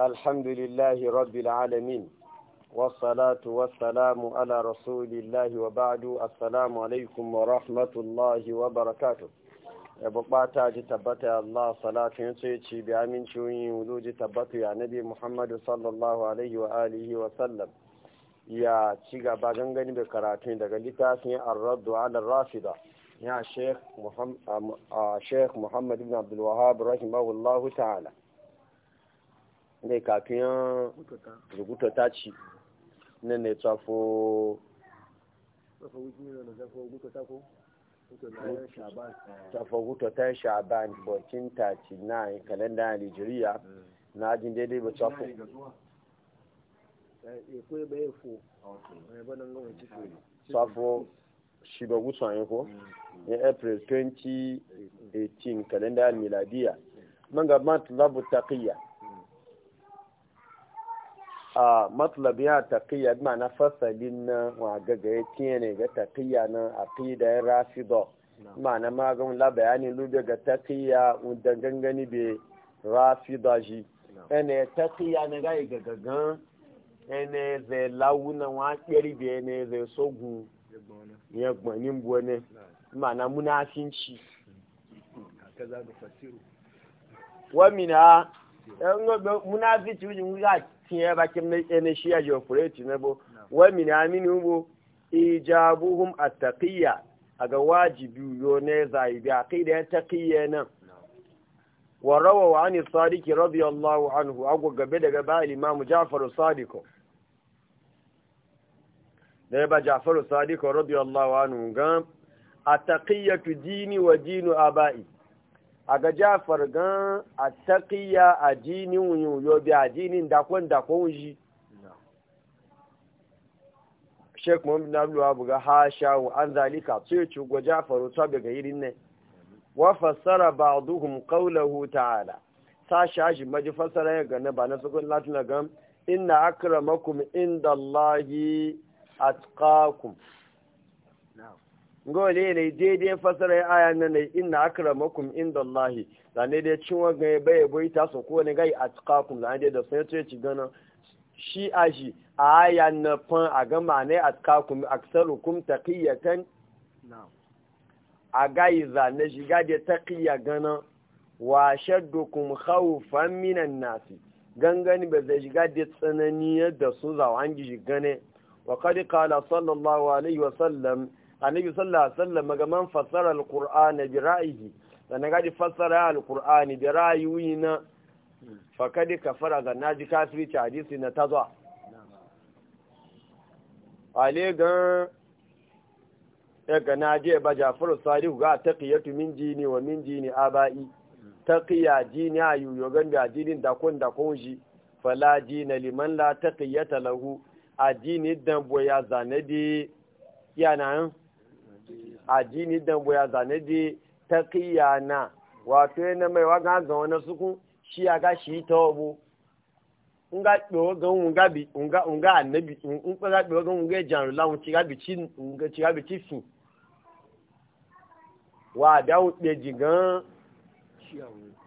الحمد لله رب العالمين والصلاة والسلام على رسول الله وبعد السلام عليكم ورحمة الله وبركاته bukata ji tabbata ya Allah salatin sai ci bi amincin yin wuduji ya Muhammadu sallallahu ya ci gaba gangani da karatu daga littafin ar-raddu ala rafida a shek Muhammad ibn Abdul Wahhab ta'ala ne kafin yan rubuta ta ci na ne tsafo tsafaguto ta shaban 1439 kalenda a nigeria mm. na ajin daidai ba tsafo tsafo gusa gutsuwayen ko mm. in april 2018 kalenda miladiya nigeria gaban tulabu taƙiyya a matlabin ya taƙiyya ma'ana fasalin na wagaga ya tiye ne ga taƙiyya na aqida ya rafido ma'ana magan la bayani lube ga taƙiyya da gangani be rafido ji ene taƙiyya na ga ga gagan ene zai launa wa kiri be ne zai sogu ya gbanin bone ma'ana munafinci wa mina munafici wajen wuya tiye bakin na ene shi ya jofureti na bo wa mini amini ugbo ijabuhum attaqiyya a ga wajibi yo ne zai bi da ya taqiyya nan wa wa ani sadiki radiyallahu anhu agwa gabe daga ba imam Jafaru sadiko da ba jafaru sadiko radiyallahu anhu ga tu dini wa dinu abai a ga jafar gan a taƙiya a jinin wuyin bi a jinin dakon dakon ji sheik muhammad nablu abu ga ha shawo an zalika su yi cugo jafaru ta ga irin ne wa fassara ba duhun kaulahu ta'ala ta shashi maji fassara ya gane ba na sukun latin gam inna akramakum inda allahi atqakum gole ne daidai fasara aya na ne inna akramakum inda Allah da ne dai cin wanga bai bai ta so ko ne gai atqakum da ne da sai to ci gana shi a shi a aya na fan a ga mane atqakum aksarukum taqiyatan a gai za ne shi ga da taqiya gana wa shaddukum khawfan minan nas gangani ba zai shiga da tsanani da su zawan gishi gane wa kadi kala sallallahu alaihi wa sallam annabi sallallahu alaihi wasallam ga man fasara alquran bi ra'yihi sannan gaji fasara alquran bi ra'yihi na fakad kafara ga naji kafiri ta hadisi na tazo ale ga ga naji ba jafaru salihu ga taqiyatu min jini wa min jini abai taqiya jini ayu yogan da da kun da kun shi fala jina liman la taqiyata lahu ajini dan boya zanadi yana addini dan boya zane de taqiya na wato ne mai wa ga ga wani suku shi ya ga shi ta obu nga do ga nga bi nga nga annabi in ko ga do ga nga jan la un ci ga bi ci nga ci ga bi ci su wa da u de jigan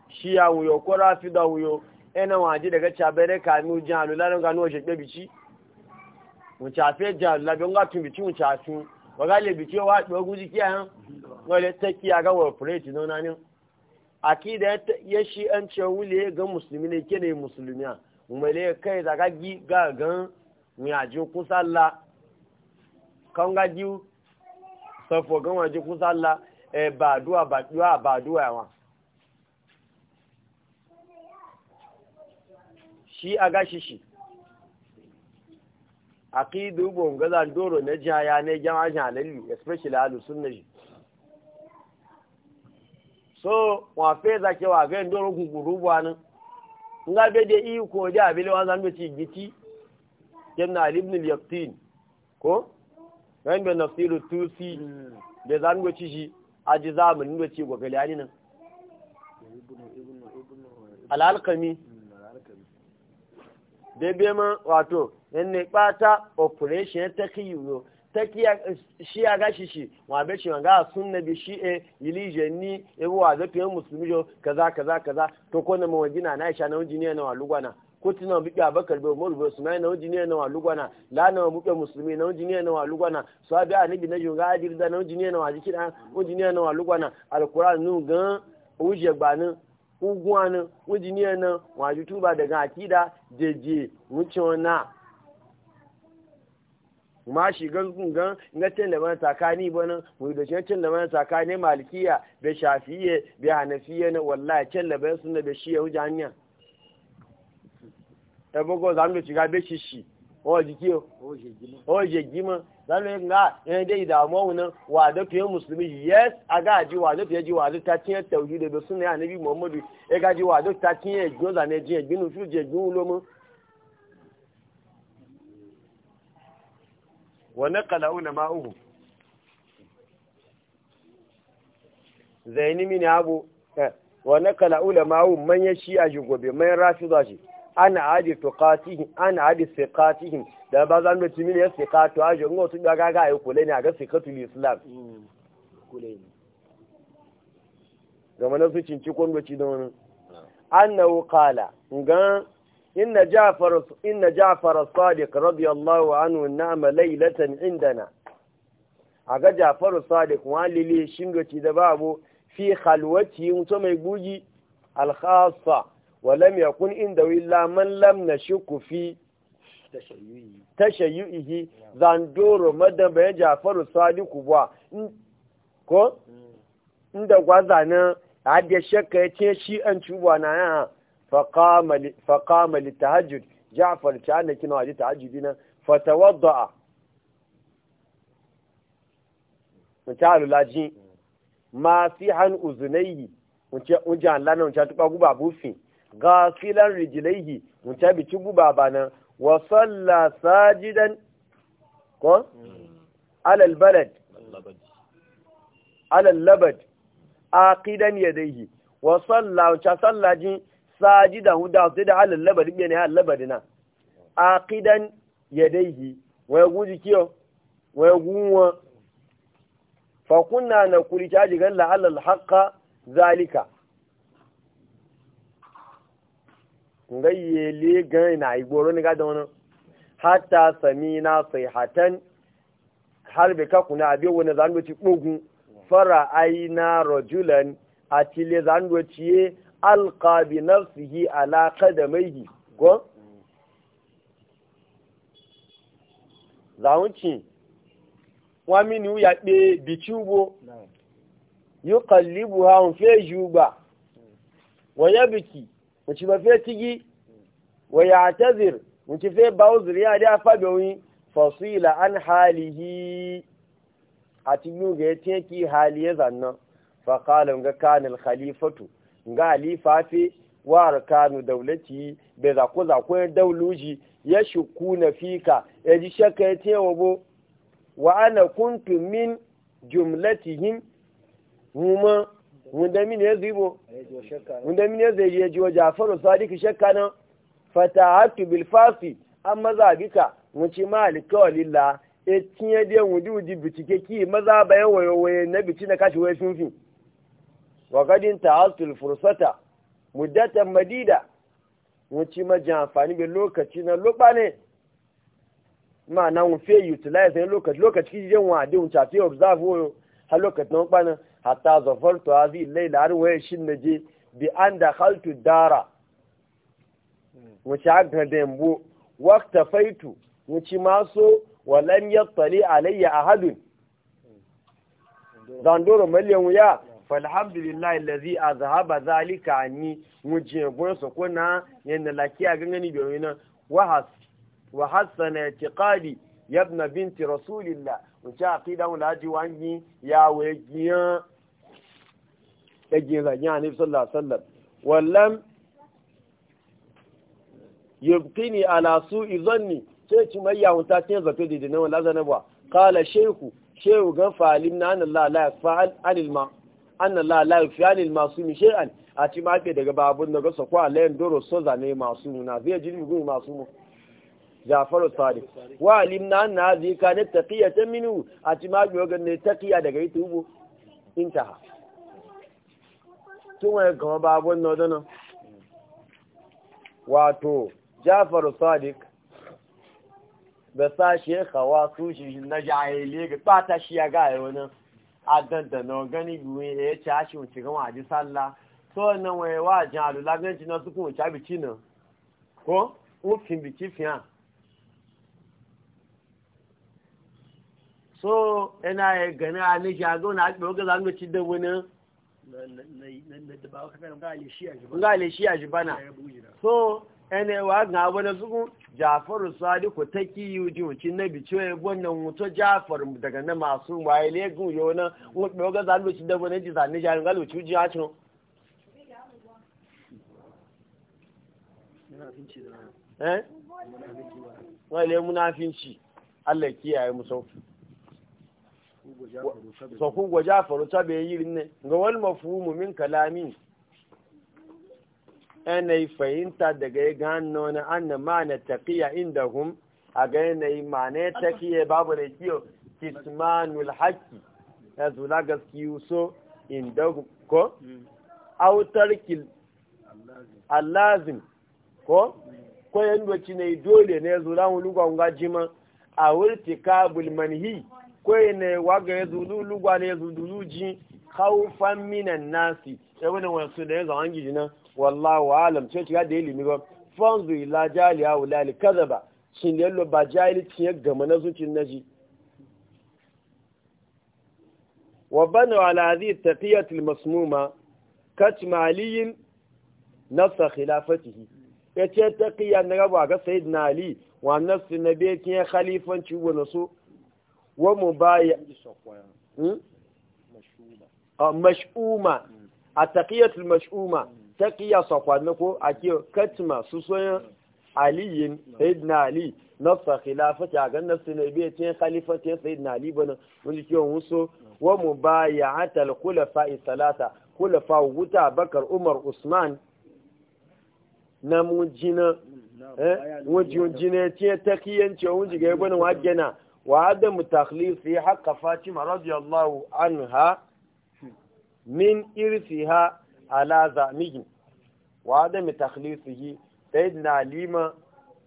shi ya wuyo ko rafi da wuyo ena wa ji daga chabere ka mi jan lu la nga no je pe bi ci un cha fe jan la bi tun bi ci un cha tun waga le bice wa ɗuwa guji kiyayen wale ta kiya ga ne na wani akida ya shi an ce wule ga musulmi ne ke ne musulmiya umele kai da ga gi ga gan miyaji kusalla kan ga diu safo gan waje kusalla e ba duwa ba duwa ba duwa yawa shi a ga shi shi aqidu bon gazan doro na jaya ne jama'a jalali especially alu sunna ji so wa fe za ke wa ga doro guguru bwana nga be de i ko ja bile wa zan ci giti jamna ali ibn al-yaqtin ko ran be nafsiru tusi hmm. be zan go ci ji aji zamanin go ci go galani nan al-alqami hmm, da be ma wato ne ɓata operation ya ta kiyo ta kiya shi ya gashi shi wa be shi ga sun na bi shi e yilije ni e wa da fiye musulmi jo kaza kaza kaza to ko na mawajina na na aisha na wajiniya na wa walugwana ko tunan na ga bakar be umar be sunai na wajiniya na walugwana la na mu be musulmi na wajiniya na wa walugwana sahabi anabi na jo ga adir da na wajiniya na wa wajiki da wajiniya na wa walugwana alquran nu gan wuje gbanin ugwana wajiniya na wa wajutuba daga akida jeje wucin na ma shi gangun gan ngacin da mana tsakani bana mu da cin da mana tsakani malikiya be shafiye be hanafiye na wallahi cin da bayan sunna be shi ya huja hanya e bogo be shi shi o jiki o o je gima nga en eh, dai da mu na wa da fiye musulmi yes aga ji wa da fiye ji wa da ta tiye tauhid da sunna annabi muhammadu e ga ji wa da ta je wa naqala زيني zaini mini ونقل eh, wa naqala ulama'u man yashi a jugobe man rafida shi ana عادي ثقاتهم ana adi siqatihim da ba zan mutu mini ya siqatu a jongo da ga ga ayi kule ne a ga siqatul islam mm, kule ne ga mana su cinci kon bace da ah. annahu qala ngan إن جعفر إن جعفر الصادق رضي الله عنه نعم ليلة عندنا aga jafaru sadiq walili shingoci da babu fi khalwati mutum mai guji alkhassa wa lam yakun inda illa man lam nashku fi tashayyuhi zandoro madan bayan jafaru sadiq ba ko hmm. inda gwazana hadiya shakka ya ce shi an cuba na yana فقام للتهجد جعفر كان كنا هذه تهجدنا فتوضع وتعالوا لاجي ما سيحن أذنيه وجعل لنا وجعل تبقى قبع بوفي غافلا رجليه وجعل بتبقى بابانا وصلى ساجدا على البلد على اللبد عاقدا يديه وصلى وجعل صلى جين sajida da sai da halin labari ne ne halin labari na ya yadaihi wa yagu jikiyo wa yagunwa fa kunna na kuri caji gan la'alal haka zalika ngayye gan na igboro ni wani hata sami na sai hatan harbe ka kuna abi wani zandoci kogun fara aina rajulan a cile zandoci alqa bi alaƙa ala maihi gon? zawunci wa mini ya pe bichubo kalli ha un fe juba wa biki? muci ba fe tigi wa tazir, muci fe bawzir ya da fa bewin fasila an halihi atiyu ga yake haliye zanna fa ga kanin khalifatu ga alifafi wa arkanu daulati ku za ku dauluji ya shuku na fika ya ji shakka ya tewa bo wa ana kuntu min jumlatihim huma wanda min ya zibo wanda min ya zai ya ji wa jafaru sadiq shakka na fatahatu bil fasi amma mun ci ma alikawalilla ya tiye da wudi wudu bitike ki maza bayan waye na bici na kashi waye sunfin wa gadin ta'assul fursata muddatan madida wuci majan amfani bi lokaci na loba ne ma na un fe utilize ne lokaci lokaci je wa de un tafi observe yo har lokaci na loba ne hatta zafartu hazi laila har waye shin naje bi an da khaltu dara mun ci wuci aga dembo waqta faitu wuci maso wa lam yattali alayya ahadun dandoro miliyan wuya falhamdulillahi lazi a zahaba zalika ni wujin gwan su kuna a lakiya gangani domin nan. wa hassana ya yabna binti rasulillah wuce a fidan wulaji wani ya giya ɗagin zagin a nufi sallar-sallar. wallan yubkini ala su izonni sai ci mai yawon ta cin zafi da na wala zanaba kala shehu shehu gan falim na an Allah ya fa'al anil ma anna la la yufiyani masu masumi shay'an a ma ke daga babun daga su kwa layan doro soza ne masu na zai ji gugu masu mu Jafaru Sadiq wa alimna anna hadhihi kanat taqiyatan minu a ci ma ke ga ne taqiya daga ita ubu intaha tun wani gama babun na dana wato Jafaru Sadiq da sashe khawasu shi na jahiliya ga ta shi ya ga ayo adandana gani biyu ya ce ashe wuce gama a ji salla so na waye wa jan alula ganci na sukun wuce biki nan ko ufin biki fiya so ina ya gani a ni shago na akpe oge zanu ci da wani nga le shi a jibana so ene wa ga wani suku jafaru sadiku ta kiyu ji wucin na bicho ya gwanna mutu jafar daga na masu waye legun yau na wuɗo ga zaluci da wani ni zane jarin galuci ji hacin eh wale munafinci Allah kiyaye mu sau so ku gwa jafaru ta bai yi ne ga wal mafhumu min kalamin yi fahimta daga ya gano na annan ma'ana tafiya inda hun a ga yanayi ma'ana ya tafiya babu da kiyo kismanul haƙƙi ya zula yi so inda ko kil allazim ko ko na yi dole na ya zula wuluwa nga jima a wurtika bulmanhi ko ya waga ya zulu lugwa ne ya zulu ji haufan minan nasi ya wani wasu da ya zawon gijinan wallahu alam sai ya da ilimi ba fanzu ila wula wulali kaza ba ne yallo ba ci ya gama na na ji. wa banu ala hadhihi taqiyat al masmuma kat maliyin ya khilafatihi ta taqiya na gaba ga na ali wa nasu na bai kin khalifanci wa nasu wa A mashuma ah, hmm. a taqiyat al mashuma ta kiyasa ko a ke katima su soyan aliyin sayyidina ali sakila khilafati a ganin su ne biya cin khalifati ya sayyidina ali bana wani kiwon wuso wa mu ba ya hatal kulafa isalata kulafa wuta bakar umar usman na mu jina eh wajin jina ce ta kiyanci wani jiga ya bana wajena wa adamu takhlifi haqqa fatima radiyallahu anha min irsiha ala zamihim wa da mi takhlisihi sayyidina alima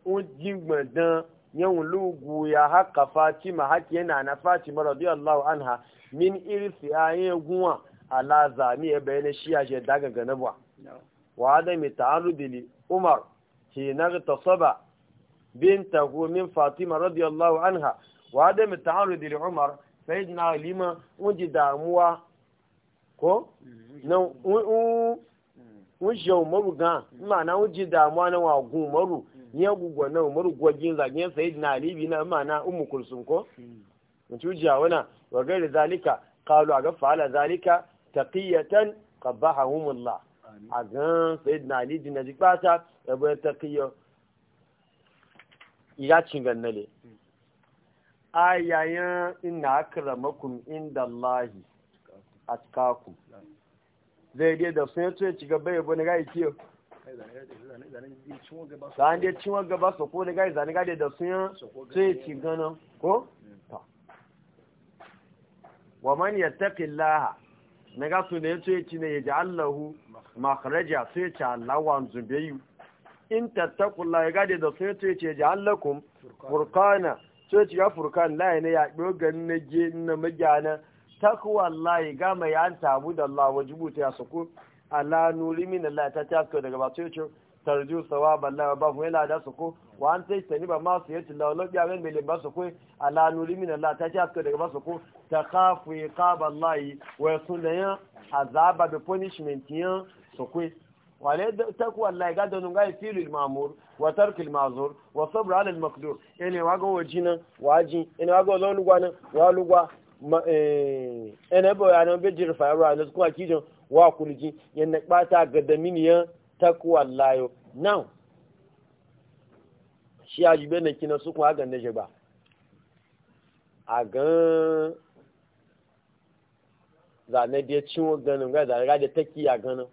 un jingbadan yan lugu ya haka fatima haki yana na fatima radiyallahu anha min irsi ayen guwa ala zami ya bayyana shi ya shaida ga ganabwa wa da mi ta'arudi li umar ki nagtasaba bintahu min fatima radiyallahu anha wa da mi ta'arudi li umar sayyidina alima un ji damuwa ko mm, nan mm, un ṣe mm. umaru gan mana un ji damuwa na wagun umaru ya gugwa na umaru gwagin zagin sayid na alibi na mana umu kulsun ko mutu ji wana wa gairi zalika kalu a ga fa'ala zalika taqiyatan qabbahumullah a gan sayid na alibi na jikpata ya bai taqiyo ya cingan nale ayayan inna akramakum indallahi atkaku zai dai da sun yato ya ci gaba ya bane gai kiyo sa'an dai cinwa gaba su ko da gai zane gade da sun yato ya ci gana ko? ta wa man ya taƙi laha na gasu ne yato ya ci ne ya ji allahu makaraja su ya ci allawa zumbeyu in tattakula ya gade da sun yato ya ci ya ji allakum furkana sai ci ya furkan laye ne ya ɗogan na je na magyana takwa Allah ga mai an tabu da Allah wajibu ta ya suku ala nuri min Allah ta ta suku daga bato yace tarju sawab Allah ba mu yana da suku wa an sai tani ba ma su yace Allah lobiya ga mai limba suku ala nuri min Allah ta ta suku daga basu suku ta khafu iqab Allah wa sunaya azaba bi punishment yan suku la takwa Allah ga da nunga filu al-ma'mur wa tarki al-ma'zur wa sabr ala al-maqdur ene wago wajina waji ene wago lonugwana nan walugwa Eh, ene bo ya nan bejir faru a nasu kuma wa ga daminiyan takwa layo now shi a kina su kuma ba a gan zane da ciwo ga ga taki a ganin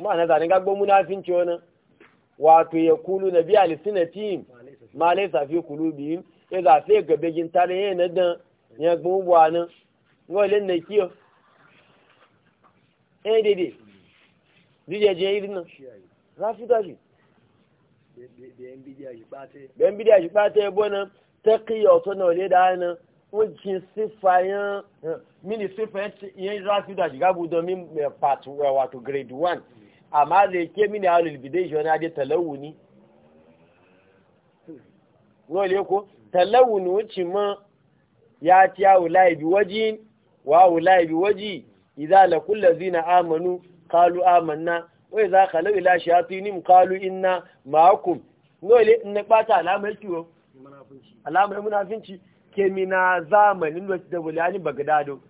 ma na ga na wato ya kulu na biya ma laisa fi ya zafe ga begin tare ya na dan ya gbogbo nan wale na kiyo eh dede dije je irin nan rafi ben bidiya shi pata ya bona ta kiyo to na wale da nan wajen sifayen eh, mini sifayen yin rafi dashi gabu domin eh, part eh, wato grade 1 amma da ke mini a' bidai shi wani adi talawuni wale ko talawun wuce ma ya ci ya wulaye bi waji wa wulaye bi waji idza la kullu zina amanu qalu amanna wa idza khalu ila shayatinihim qalu inna ma'akum no in na bata alamar kiwo alamar munafinci ke mina zamanin da wulani bagdado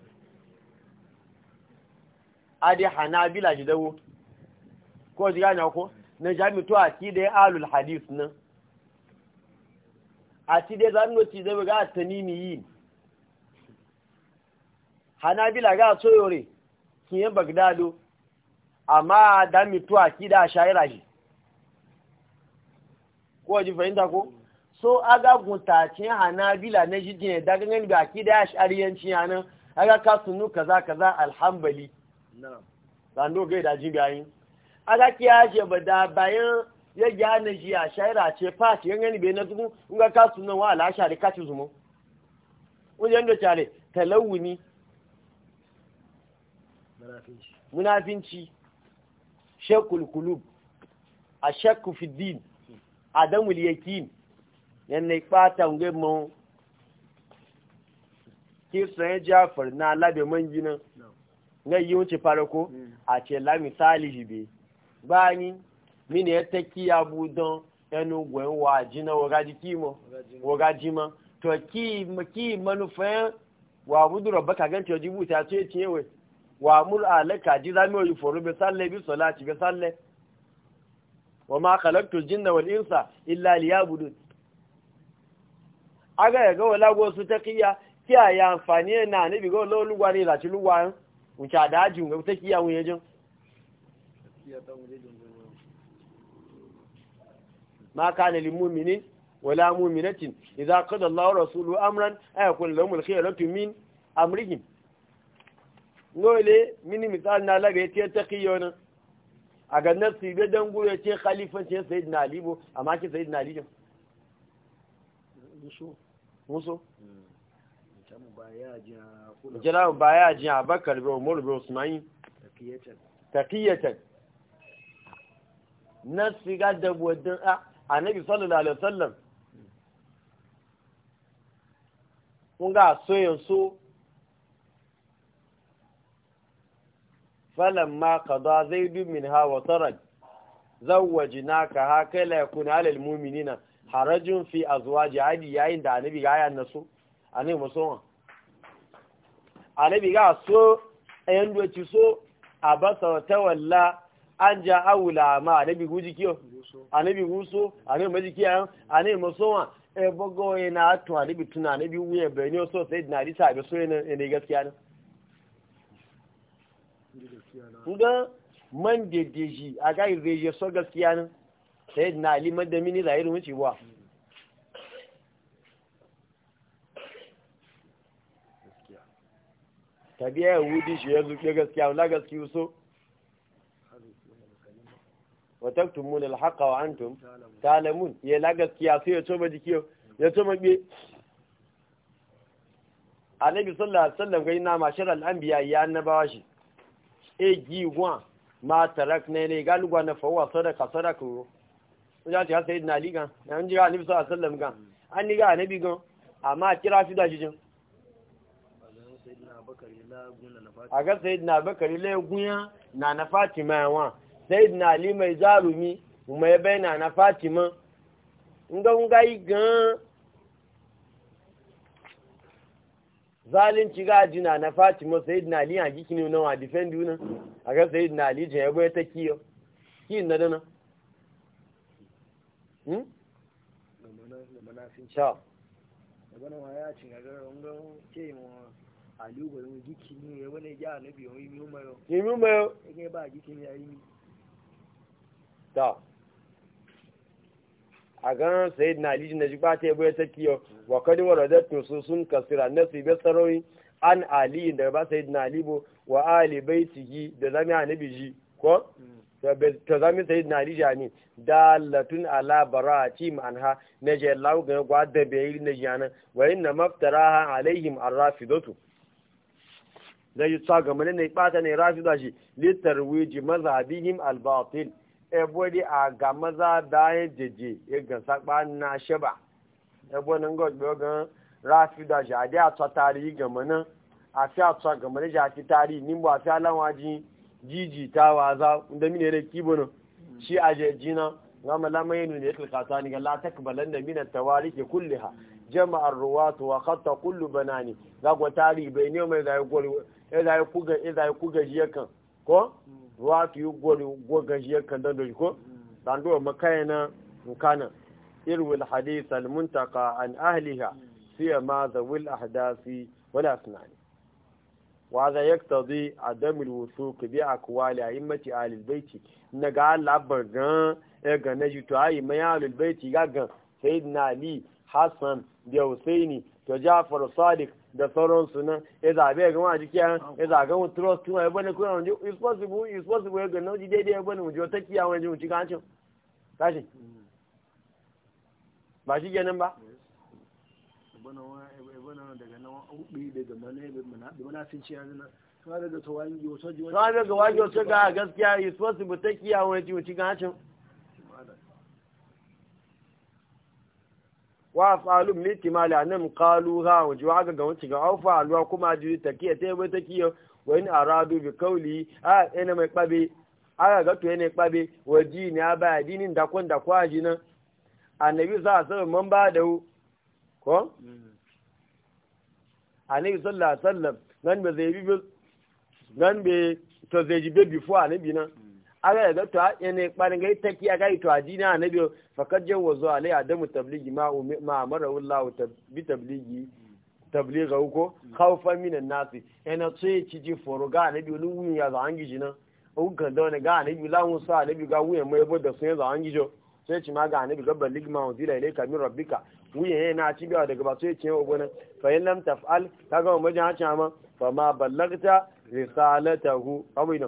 adi hanabila jidawo ko jiga na ko na jami'tu akidai alul hadith nan a ti dai zan noti zai ga tanimi yi hanabila ga soyore kiyen bagdado amma da mitu a shaira shi ko ji fahimta ko so aga guntacin hanabila na ji ne daga ganin ba akida shariyanci A aga ka sunu kaza kaza alhambali na'am da do ga da jigayin aga kiyaje ba da bayan ya gyana shi a shaira ce fati yan gani bai na zuku in ga kasu nan wa alasha da kaci zumo wajen da tare talawuni munafinci shekul kulub a shakku fiddin din adamul yakin yan na ikpata nge mo kirsan ya jafar na labe manjinan na yi wuce farako mm. a ce la misali be bani mini ete ki ya don yanu gwen wa jina waga jiki mo waga ma to ki ki manufa wa budu rabbaka gan to jibu ta ce ce we wa mul alaka ji zami wa yufuru bi salle bi salati bi salle wa ma khalaqtu jinna wal insa illa liyabudun aga ga wala go su taqiya ki ya amfani na ni bi go lo lugwa ni la ti lugwa un cha da ju ga taqiya un yejin taqiya ta un yejin ma kana lil mu'minin wala mu'minatin idza qada Allahu rasuluhu amran ay yakun lahum al-khiyaratu min amrihim ngole mini misal na laga yace taqiyona a ga nafsi be dan gure ce khalifan ce sayyidina ali bo amma ke sayyidina ali jo muso muso jira baya ji abakar bi umar bi usman taqiyatan taqiyatan nafsi ga da wadan a annabi sallallahu alaihi wasallam kun ga soyan so falamma qada zaid min ha wa taraj zawwajnaka haka la yakun alal mu'minina harajun fi azwaji adi yayin da annabi ga yan nasu annabi musamman annabi ga so ayan ci so abasa tawalla an ja awula ma a nabi guji kiyo a nabi guso a nabi maji kiyo a anabi masowa e bogo e na a nabi tuna anabi wuye bani so sai na risa a so ne ne gaskiya ne nga man de deji a aga reje so gaskiya ne sai na ali madami ni zahiri mun ci wa tabiya wudi shi ya zuke gaskiya wala gaskiya so wa taktumuna alhaqa wa antum ta'lamun ya la gaskiya sai ya toma jikiyo ya toma biye annabi sallallahu alaihi wasallam ga ina mashar al-anbiya ya annabawa shi e giwa ma tarak ne ne galuwa na fawa sadaka sadaka ko ya ce sai na liga ya ji annabi sallallahu alaihi wasallam ga an liga ga annabi ga amma kira shi da jijin a ga sayyidina bakari la gunya na fatima na na fatima wa sayyidina ali mai zarumi mai baina na fatima nga igan yi gan zalunci ga jina na fatima sayyidina ali a gikin nan wa defend yuna a ga sayyidina ali je yabo ta kiyo ki na dana hmm sha wani wa ya cin gagara wani ke mu aliyu gwani gikini ya wani ya nabi yawon yi miyo mayo yi mayo ya ba gikini ya yi miyo ta a ganin sayid na alijin na jikba ta yabo ya kiyo wa kadi wa radar su sun kasira na su ibe sarori an ali da ba sayid na alibo wa ali bai tihi da zami a nabi ji ko ta hmm. zami sayid na alija ne Da latun ala barati ha na je lawo ga gwada bai na jiyana wa yin na maftara ha alaihim dotu da yi tsaga yi ne ɓata ne rafi da shi littar wiji mazhabihim albatil ebori a ga maza da ya jeje ya gansa na ebo sheba ebonin gbe gan rafi da ja de tsa tarihi gama nan a fi a tsa ja ti tari ni mo a fi alawa ji jiji ta wa za waza da mine da kibo nan shi a jeji na ga malama yanu ne ya tilkata ni ga la takbalan da mina tawarike kulliha jama'ar ruwat wa khat kullu banani ga go tarihi bai ne mai da ya kuga ya kuga kan ko ruwa ta yi gogon shi yankan don da ko ɗanduwa mm. makaya na nkanan irwin hadis almuntaka an ahliha mm. su yi ma za wil ahdasi wala sunani wa za yi ta zai a damil wasu ka bi a kuwa a yi mace a lulbaiti na ga labar gan ya gane shi to a yi maya lulbaiti ga gan na ali hassan da husaini to jafar sadiq da sauransu nan ya zaɓe ga wani kiya ya zaga mu trust tun ya bane kuna wani is possible is possible ya ganin daidai ya bane mu jiwa ta kiya wani mu ci kancin kashi ba shi kenan ba Sabe ga wagi wasu ga gaskiya is possible ta kiya wani mu ci kancin. wa tsalum liti mala nan kalu ha waje wa ga gawanci ga alfa alwa kuma ji takiya ta yabo takiya wa in aradu bi kauli a ina mai kpabe aga ga to yana kpabe ji ne a baya dini da kwan da kwaji nan annabi za a sanar man ba da ko annabi sallallahu alaihi wasallam nan be zai bi nan be to zai ji be before annabi nan aga ga to ne barin ga taki aga to ajina annabi fakat jawazu alai adamu tabligi ma ma amara wallahu bi tabligi tabliga uko khawfan minan nasi yana tsaye ci ji foro ga lu wun ya za an gijina ukan da ne ga annabi lawun sa annabi ga wuyan mai bada sun ya za an gijo sai ci ma ga annabi ga balig ma zila ilayka min rabbika wuyan yana ci biya daga ba sai ci o gona fa in lam taf'al kaga mu ha hacha ma fa ma ballagta risalatahu amina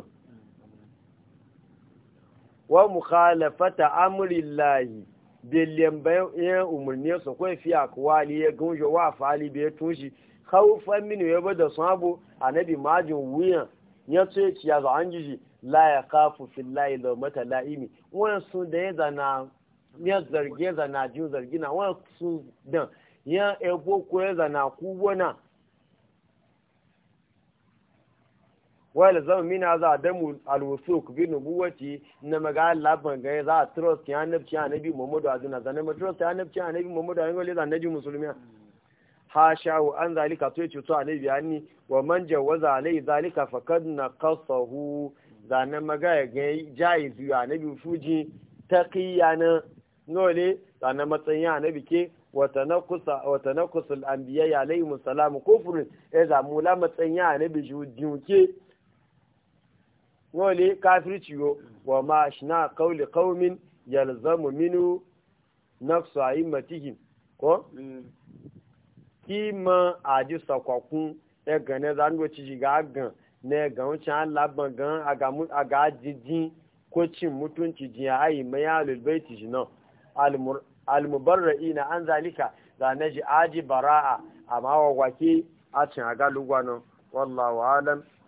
wa mukhalafata amrillahi dillem bayan umurni su kai fi akwali ya gunjo wa fali bai tushi khawfan min ya bada sabo annabi majin wuya ya ce ci ya zo jiji la ya khafu fillahi law mata laimi wannan su da ya zana ya zarge zana ju zargina wannan su dan ya ebo ko ya zana ku wala zama mina za a damu alwasu ku bi nubuwaci na maga laban gaya za a trust ya nabci annabi muhammadu Azuna, zina zanen ma trust ya nabci annabi muhammadu a yankwale zanen nabi musulmi ha sha'u an zalika to ya cuto annabi ya ni wa man jawaza alai zalika fakad na kasahu zanen maga ya gaya jayi zuwa annabi fuji ta kiyana nole zanen matsayin annabi ke wata na kusur an biya yalayi musalamu kofurin ya e zamu la matsayin annabi ju wani kafirci yo wa ma shina kauli kaumin yalzamu minu nafsu a yi ko? ki ma a ji gane za ni ga gan na ga wancan laban gan a ga jijin ko cin mutunci jiya ayi mai alulbaiti shi nan almubarra'i na an zalika za na aji bara'a amma wawake a cin a galuwa nan alam